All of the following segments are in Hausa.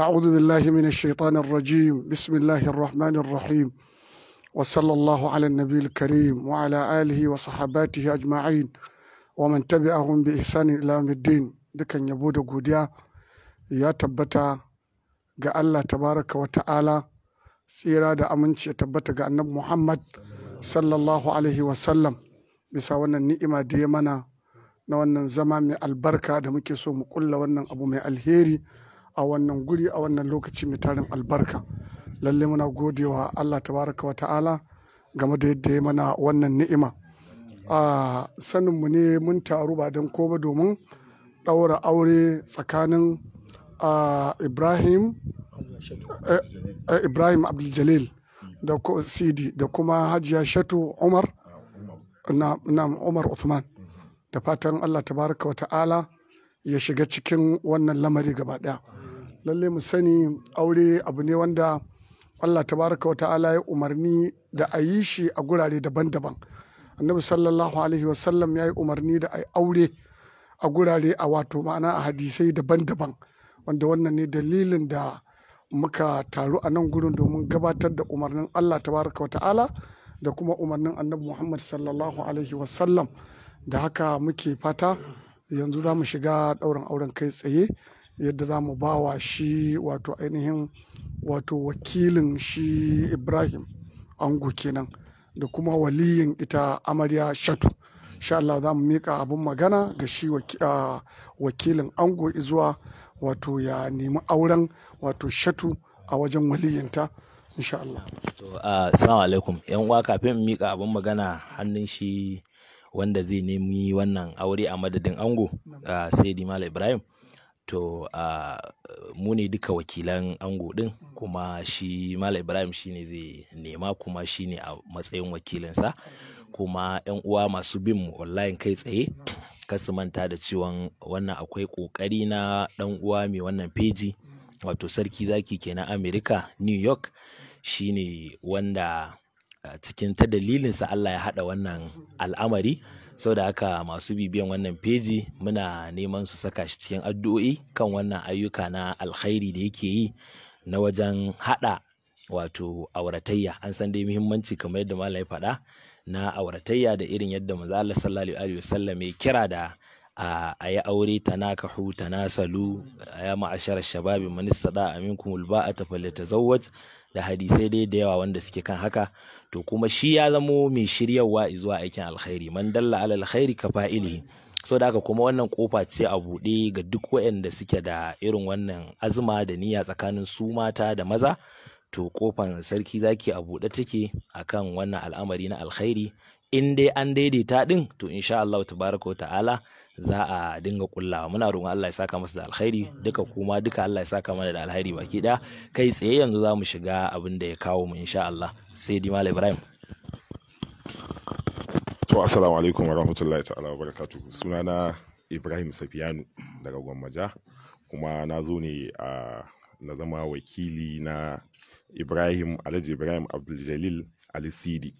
أعوذ بالله من الشيطان الرجيم بسم الله الرحمن الرحيم وصلى الله على النبي الكريم وعلى آله وصحباته أجمعين ومن تبعهم بإحسان إلى يوم الدين dukan yabo da godiya ya tabbata ga Allah Ta baraka wa ta'ala tsira da aminci ya tabbata ga annabi Muhammad sallallahu alaihi wasallam bisa wannan ni'ima da ya mana na wannan zama mai albarka da muke so mu kulla wannan abu mai alheri a wannan guri a wannan lokaci mai tarin albarka lalle muna godewa Allah tabaraka wa game da yadda ya mana wannan ni'ima a saninmu ne mun taru ba don ko ba domin ɗaura aure tsakanin eh, eh, ibrahim Abduljalil jalil da sidi da kuma hajiya shatu umar na umar uthman da fatan allah tabaraka wata'ala ya shiga cikin wannan lamari gaba ɗaya Lallai mu sani aure abu ne wanda Allah tabaraka wa ta'ala ya umarni da a yi shi a gurare daban-daban annabi sallallahu alaihi wasallam ya yi umarni da a yi aure a gurare a wato ma'ana a hadisai daban-daban wanda wannan ne dalilin da muka taru a nan gurin domin gabatar da umarnin Allah tabaraka wa ta'ala da kuma umarnin annabi Muhammad sallallahu alaihi wasallam da haka muke fata yanzu za mu shiga ɗaurin auren kai tsaye yadda za mu ba wa shi wato ainihin wato wakilin shi ibrahim ango kenan da kuma waliyin ita amarya shatu insha Allah za mu mika abin magana ga shi wakilin ango zuwa wato ya nemi auren wato shatu a wajen waliyinta insha Allah. To alaikum yan uwa kafin mika abin magana hannun shi wanda zai nemi wannan aure a madadin ango sai mala Ibrahim. to mu ne duka wakilan ango din kuma shi Malam Ibrahim shine zai nema kuma shine a matsayin wakilinsa kuma 'yan uwa masu bin mu online kai tsaye kasu manta da cewa wannan akwai kokari na dan uwa mai wannan feji wato sarki zaki kenan amerika New York shine wanda cikin ta dalilinsa Allah ya hada wannan al'amari sau da haka masu bibiyan wannan feji muna neman su saka shi cikin addu'o'i kan wannan ayyuka na alkhairi da yake yi na wajen haɗa wato auratayya an san dai muhimmanci kamar yadda malam ya faɗa na auratayya da irin yadda manzo Allah sallallahu alaihi wasallam ya kira da a yi aure tanakahu tanasalu ya ma'ashara shababi man istada minkum alba'ata falyatazawwaj da hadisai dai da yawa wanda suke kan haka to kuma shi ya zamo mai shiryawa zuwa aikin alkhairi man dalla ala alkhairi ka fa'ilihi so da haka kuma wannan kofa ce a buɗe ga duk waɗanda suke da irin wannan azuma da niyya tsakanin su mata da maza to kofan sarki zaki a buɗe take akan wannan al'amari na alkhairi in dai an daidaita din to insha Allah tabaraka wa ta'ala za a dinga kullawa muna roƙon Allah ya saka masa da alkhairi duka kuma duka Allah ya saka mana da alkhairi baki ɗaya kai tsaye yanzu za mu shiga abin da ya kawo mu insha Allah sai di Malam Ibrahim to assalamu alaikum warahmatullahi ta'ala wabarakatuh sunana Ibrahim Safiyanu daga Gwammaja kuma na zo ne a na zama wakili na Ibrahim Alhaji Ibrahim Abdul Jalil Al Sidi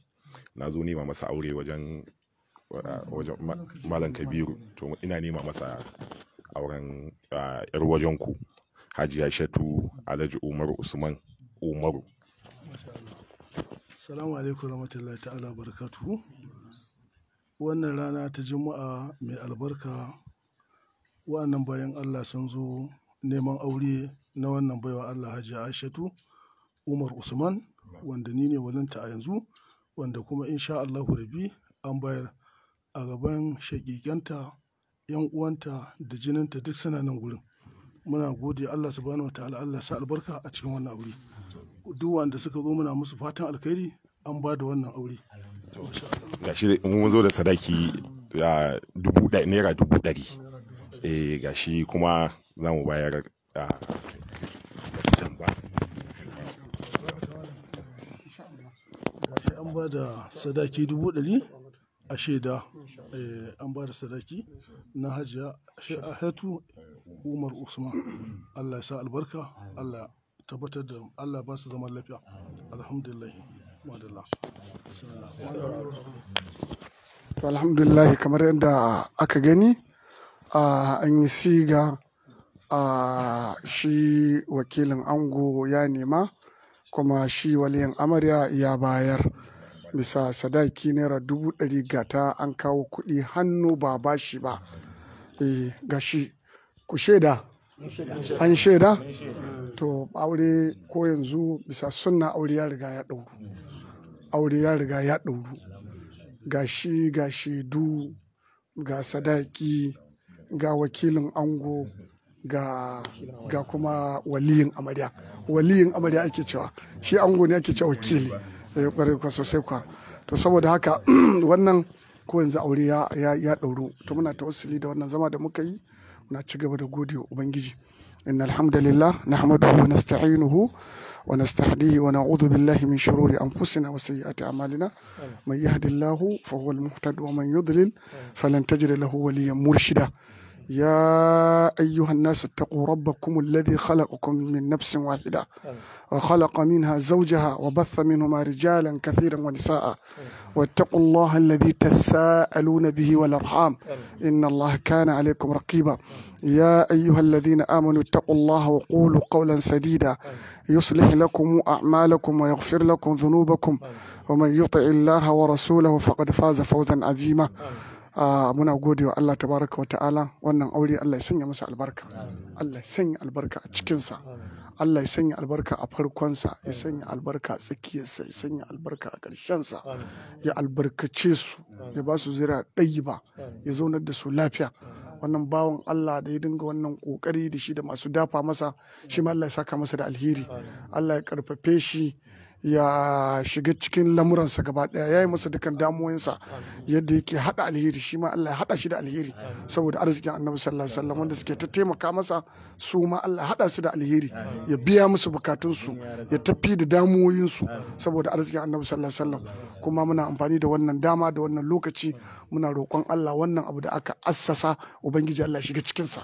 na zo nema masa aure wajen malam kabiru to ina nema masa auren yar wajen ku hajiya shatu alhaji umaru usman umaru salamu alaikum rahmatullahi ta'ala barakatuhu wannan rana ta juma'a mai albarka wa'annan bayan allah sun zo neman aure na wannan baiwa allah hajiya aishatu umar usman wanda ni ne walinta a yanzu wanda kuma insha allahu rabi an bayar a gaban shagiganta, yan uwanta da jininta duk suna nan gurin muna gode Allah subhanahu wataala Allah sa albarka a cikin wannan aure duk wanda suka zo muna musu fatan alkhairi an ba da wannan aure gashi mun zo da sadaki da dubu ɗari naira dubu ɗari eh gashi kuma za mu bayar a shi an ba da sadaki dubu ɗari a shaida eh, an ba da sadaki na hajiya hatu umar usman allah ya sa albarka allah tabbatar da allah ba su zaman lafiya alhamdulillah alhamdulillah kamar yadda aka gani an yi siga shi wakilin ango ya nema kuma shi waliyan amarya ya bayar bisa sadaki naira dubu ɗari gata an kawo kuɗi hannu ba bashi ba e eh, gashi ku shaida an shaida to aure ko yanzu bisa sunna aure ya riga ya ɗauru aure ya riga ya ɗauru gashi ga shaidu ga sadaki ga wakilin ango ga, ga kuma waliyin amarya waliyin amarya ake cewa shi ango ne ake cewa wakili ya eh, yi kwarai kwaso to saboda haka wannan ko yanzu aure ya ɗauru, to muna ta wasu da wannan zama da muka yi muna ci gaba da gode wa ubangiji in alhamdulillah na hamadu wa na sta'a yi nuhu wa na sta'a hadi wa min shiruri an kusi na wasu yi a amalina mai yi hadin lahu fahimtar wa mai yi dalil falantajirin lahu waliyan murshida يا أيها الناس اتقوا ربكم الذي خلقكم من نفس واحدة وخلق منها زوجها وبث منهما رجالا كثيرا ونساء واتقوا الله الذي تساءلون به والأرحام إن الله كان عليكم رقيبا يا أيها الذين آمنوا اتقوا الله وقولوا قولا سديدا يصلح لكم أعمالكم ويغفر لكم ذنوبكم ومن يطع الله ورسوله فقد فاز فوزا عظيما Ah, muna godewa wa Allah tabaraka wa ta'ala wannan aure Allah ya sanya masa albarka Allah ya sanya albarka a cikinsa Allah ya sanya albarka a farkonsa ya sanya albarka a tsakiyarsa ya sanya albarka a ƙarshensa ya albarkace su ya ba su zira ɗayi ba ya zaunar da su lafiya wannan bawan Allah da ya dinga wannan kokari da shi da masu dafa masa shi ma Allah ya saka masa da alheri Allah ya karfafe shi ya shiga cikin lamuransa gaba daya ya yi masa dukkan damuwansa yadda yake hada alheri shi ma Allah ya hada shi da alheri saboda arzikin annabi sallallahu alaihi wasallam wanda suke ta taimaka masa su ma Allah hada su da alheri ya biya musu bukatunsu ya tafi da damuwoyinsu saboda arzikin annabi sallallahu alaihi wasallam kuma muna amfani da wannan dama da wannan lokaci muna roƙon Allah wannan abu da aka assasa ubangiji Allah shiga cikinsa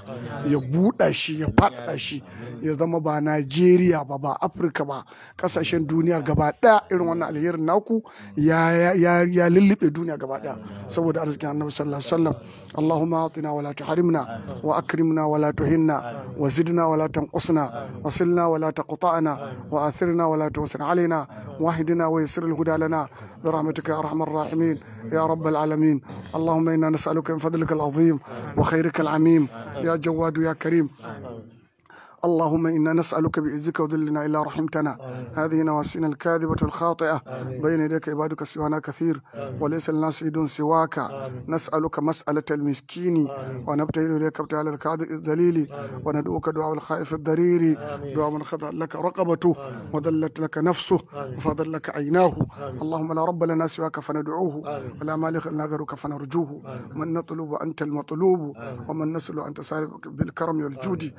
ya buɗa shi ya faɗaɗa shi ya zama ba Najeriya ba ba Afirka ba kasashen duniya gaba daya irin wannan alherin naku ya ya ya lullube duniya gaba daya saboda arzikin annabi sallallahu alaihi wasallam allahumma atina wala tuharimna wa akrimna wala tuhinna wa zidna wala tanqusna wala taqta'na wa athirna wala tusir alaina واهدنا ويسر الهدى لنا برحمتك يا ارحم الراحمين يا رب العالمين اللهم انا نسالك من فضلك العظيم وخيرك العميم يا جواد يا كريم اللهم إنا نسألك بعزك وذلنا إلا رحمتنا هذه نواسينا الكاذبة الخاطئة بين يديك عبادك سوانا كثير وليس لنا سيد سواك نسألك مسألة المسكين ونبتهل إليك ابتهال الكاذب الذليل وندعوك دعاء الخائف الضرير دعاء من خضع لك رقبته وذلت لك نفسه وفضل لك عيناه اللهم لا رب لنا سواك فندعوه ولا مالك لنا غيرك فنرجوه من نطلب أنت المطلوب ومن نسأل أنت سالك بالكرم والجود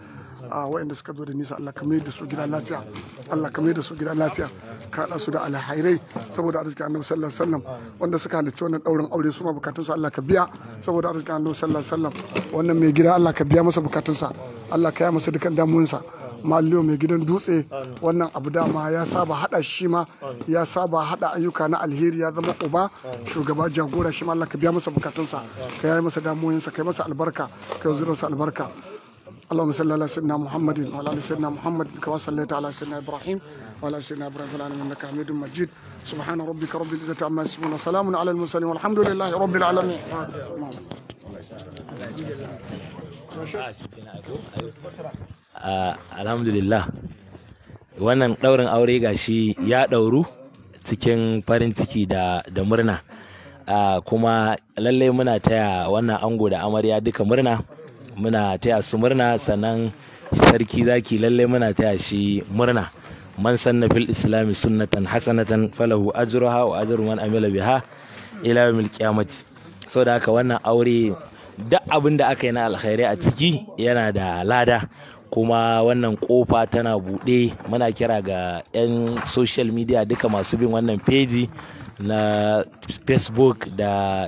a waɗanda suka zo da nisa Allah ka da su gida lafiya Allah ka da su gida lafiya ka haɗa su da alhairai saboda arziki annabi sallallahu alaihi wasallam wanda suka halarci wannan ɗaurin aure su ma bukatun su Allah ka biya saboda arziki annabi sallallahu alaihi wasallam wannan mai gida Allah ka biya masa bukatun sa Allah ka yi masa dukan damuwansa malliyo mai gidan dutse wannan abu dama ya saba hada shi ma ya saba hada ayyuka na alheri ya zama uba shugaba jagora shi ma Allah ka biya masa bukatunsa ka yi masa sa, ka yi masa albarka ka yi zuransa albarka اللهم صل على سيدنا محمد وعلى ال سيدنا محمد كما صليت على سيدنا ابراهيم وعلى ال سيدنا ابراهيم في العالمين انك حميد مجيد سبحان ربك رب العزه عما يصفون وسلام على المرسلين والحمد لله رب العالمين الحمد لله wannan ɗaurin aure gashi ya ɗauru cikin farin ciki da da murna kuma lalle muna taya wannan ango da amarya duka murna muna taya su murna sannan sarki zaki lallai muna taya shi murna man sanna fil islami sunnatan hasanatan falahu ajruha wa ajru man amila biha ila yawmil qiyamati saboda haka wannan aure duk abin da aka yi na alkhairi a ciki yana da lada kuma wannan kofa tana buɗe muna kira ga 'yan social media duka masu bin wannan peji na facebook da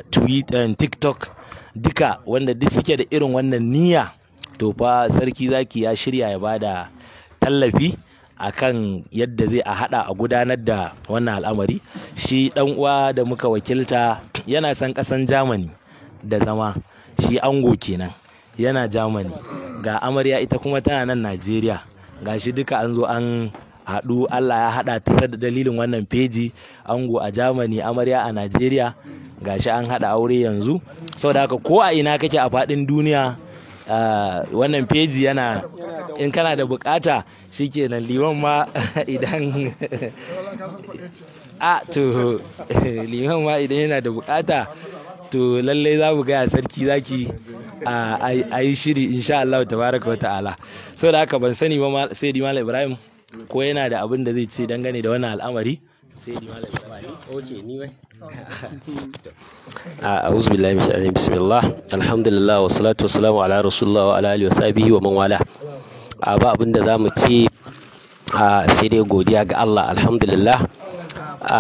tiktok duka wanda duk suke da irin wannan niyya to fa sarki zaki ya shirya ya bada tallafi akan yadda zai a hada a gudanar da wannan al'amari shi dan uwa da muka wakilta yana san kasan Germany da zama shi ango kenan yana Germany ga amarya ita kuma tana nan Najeriya gashi duka an zo an haɗu Allah ya haɗa ta da dalilin wannan feji ango a Germany amarya a Najeriya gashi an haɗa aure yanzu saboda haka ko a ina kake a faɗin duniya wannan feji yana in kana da bukata shikenan liman ma idan a to liman ma idan yana da bukata to lallai za mu gaya sarki zaki a yi shiri insha Allah tabaraka wa ta'ala saboda haka ban sani ba sai di Ibrahim ko yana da abin da zai ce dangane da wannan al'amari sai ni malam shamani okay ni wai ah, a'udhu billahi min shaitanir bismillah alhamdulillah wa salatu wassalamu ala rasulillah wa ala alihi wa sahbihi wa man wala a ah, ba abin da zamu ce ah, sai dai godiya ga Allah alhamdulillah a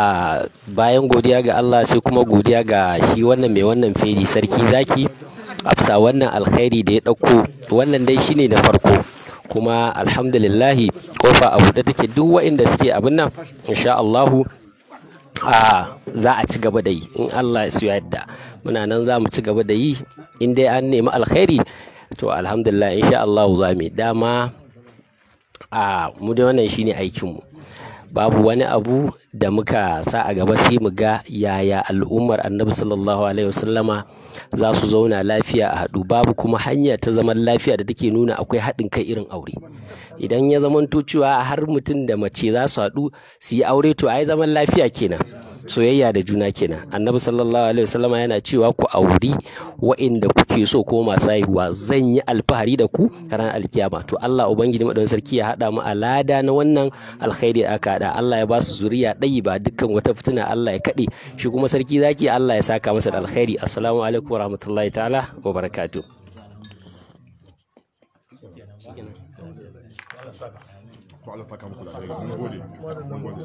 bayan godiya ga Allah sai kuma godiya ga shi wannan mai wannan feji sarki zaki afsa wannan alkhairi da ya dauko wannan dai shine na farko kuma alhamdulillahi kofa a buɗe take duk waɗanda suke abin nan insha Allah za a ci gaba da yi in Allah su yadda muna nan za mu ci gaba da yi in dai an nemi alkhairi to alhamdulillah insha Allah za mu dama a mu da wannan shine aikin mu babu wani abu da muka sa a gaba sai mu ga yaya al'ummar annabi sallallahu alaihi wasallama za su zauna lafiya a haɗu babu kuma hanya ta zaman lafiya da take nuna akwai haɗin kai irin aure idan ya zamanto cewa har mutum da mace za su haɗu su yi aure to ai zaman lafiya kenan soyayya da juna kenan annabi sallallahu alaihi wasallama yana cewa ku auri wa'inda kuke so ko masu haihuwa zan yi alfahari da ku ranar alkiyama to Allah ubangiji madan sarki ya hada mu alada na wannan alkhairi da aka hada Allah ya ba su zuriya dai ba dukkan wata fitina Allah ya kade shi kuma sarki zaki Allah ya saka masa da alkhairi assalamu alaikum warahmatullahi ta'ala wa barakatuh Allah da